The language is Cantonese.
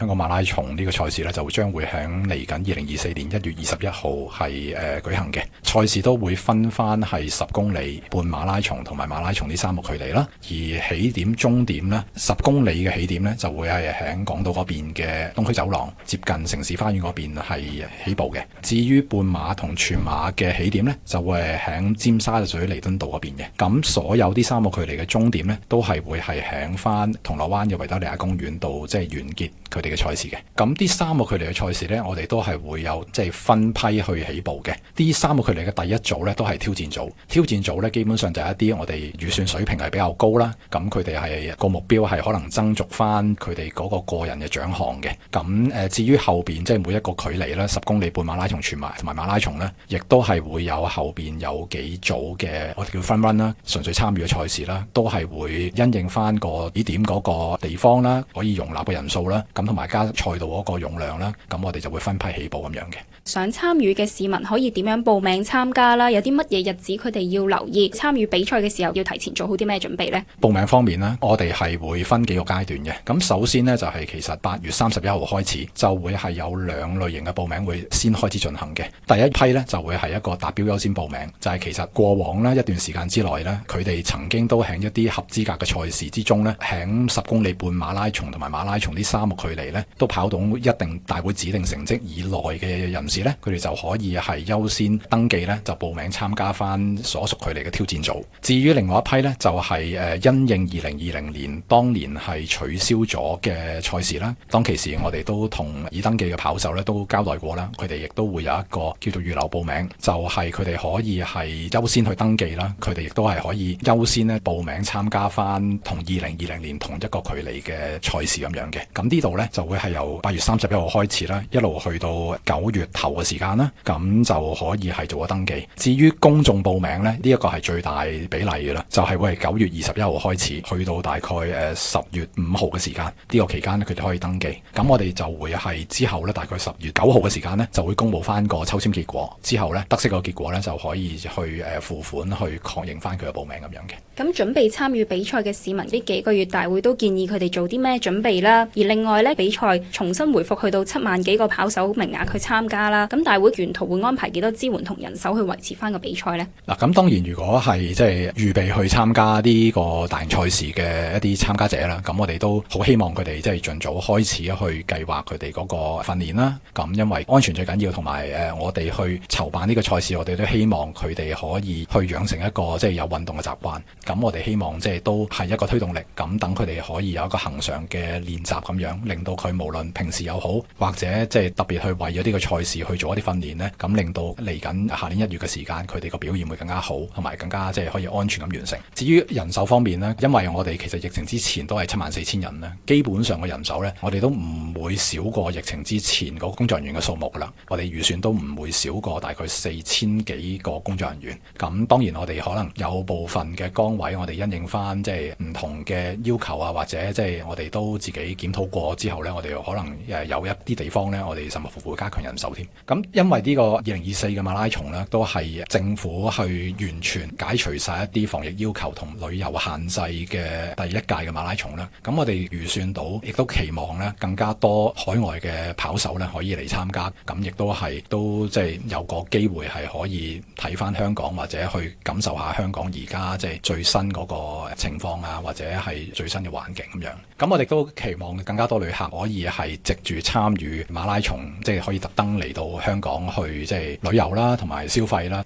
香港馬拉松這個賽呢個賽事咧就將會響嚟緊二零二四年一月二十一號係誒舉行嘅賽事都會分翻係十公里半馬拉松同埋馬拉松呢三個距離啦。而起點、終點呢，十公里嘅起點呢，就會係響港島嗰邊嘅東區走廊接近城市花園嗰邊係起步嘅。至於半馬同全馬嘅起點呢，就會響尖沙咀彌敦道嗰邊嘅。咁所有啲三個距離嘅終點呢，都係會係響翻銅鑼灣嘅維多利亞公園度即係完結佢哋。嘅賽事嘅，咁啲三個距離嘅賽事呢，我哋都係會有即係、就是、分批去起步嘅。啲三個距離嘅第一組呢，都係挑戰組。挑戰組呢，基本上就係一啲我哋預算水平係比較高啦。咁佢哋係個目標係可能爭逐翻佢哋嗰個個人嘅獎項嘅。咁誒、呃，至於後邊即係每一個距離啦，十公里半馬拉松、全馬同埋馬拉松呢，亦都係會有後邊有幾組嘅，我哋叫 fun run 啦，純粹參與嘅賽事啦，都係會因應翻個起點嗰個地方啦，可以容納嘅人數啦。咁同。大家賽道嗰個容量啦，咁我哋就會分批起步咁樣嘅。想參與嘅市民可以點樣報名參加啦？有啲乜嘢日子佢哋要留意？參與比賽嘅時候要提前做好啲咩準備呢？報名方面呢，我哋係會分幾個階段嘅。咁首先呢，就係其實八月三十一號開始就會係有兩類型嘅報名會先開始進行嘅。第一批呢，就會係一個達標優先報名，就係其實過往呢一段時間之內呢，佢哋曾經都喺一啲合資格嘅賽事之中呢，喺十公里半馬拉松同埋馬拉松呢三個距離。都跑到一定大會指定成績以內嘅人士呢，佢哋就可以係優先登記，呢就報名參加翻所屬距離嘅挑戰組。至於另外一批呢，就係、是、誒因應二零二零年當年係取消咗嘅賽事啦。當其時，我哋都同已登記嘅跑手呢都交代過啦，佢哋亦都會有一個叫做預留報名，就係佢哋可以係優先去登記啦。佢哋亦都係可以優先呢報名參加翻同二零二零年同一個距離嘅賽事咁樣嘅。咁呢度呢。就會係由八月三十一號開始啦，一路去到九月頭嘅時間啦，咁就可以係做個登記。至於公眾報名呢，呢一個係最大比例嘅啦，就係會係九月二十一號開始，去到大概誒十月五號嘅時間，呢個期間咧，佢哋可以登記。咁我哋就會係之後呢大概十月九號嘅時間呢，就會公佈翻個抽籤結果。之後呢，得悉個結果呢，就可以去誒付款去確認翻佢嘅報名咁樣嘅。咁準備參與比賽嘅市民，呢幾個月大會都建議佢哋做啲咩準備啦？而另外呢。比賽重新回復去到七萬幾個跑手名額去參加啦，咁大會沿途會安排幾多支援同人手去維持翻個比賽咧？嗱，咁當然如果係即係預備去參加呢個大型賽事嘅一啲參加者啦，咁我哋都好希望佢哋即係盡早開始去計劃佢哋嗰個訓練啦。咁因為安全最緊要，同埋誒我哋去籌辦呢個賽事，我哋都希望佢哋可以去養成一個即係有運動嘅習慣。咁我哋希望即係都係一個推動力，咁等佢哋可以有一個恒常嘅練習咁樣，令到。佢無論平時又好，或者即係特別去為咗呢個賽事去做一啲訓練呢，咁令到嚟緊下年一月嘅時間，佢哋個表現會更加好，同埋更加即係可以安全咁完成。至於人手方面呢，因為我哋其實疫情之前都係七萬四千人呢，基本上嘅人手呢，我哋都唔會少過疫情之前嗰個工作人員嘅數目噶啦。我哋預算都唔會少過大概四千幾個工作人員。咁當然我哋可能有部分嘅崗位，我哋因應翻即係唔同嘅要求啊，或者即係我哋都自己檢討過之後我哋可能誒有一啲地方呢，我哋甚至乎會加強人手添。咁因為呢個二零二四嘅馬拉松呢，都係政府去完全解除晒一啲防疫要求同旅遊限制嘅第一屆嘅馬拉松啦。咁我哋預算到，亦都期望呢，更加多海外嘅跑手呢可以嚟參加。咁亦都係都即係有個機會係可以睇翻香港或者去感受下香港而家即係最新嗰個情況啊，或者係最新嘅環境咁樣。咁我哋都期望更加多旅客。可以係藉住參與馬拉松，即係可以特登嚟到香港去，即係旅遊啦，同埋消費啦。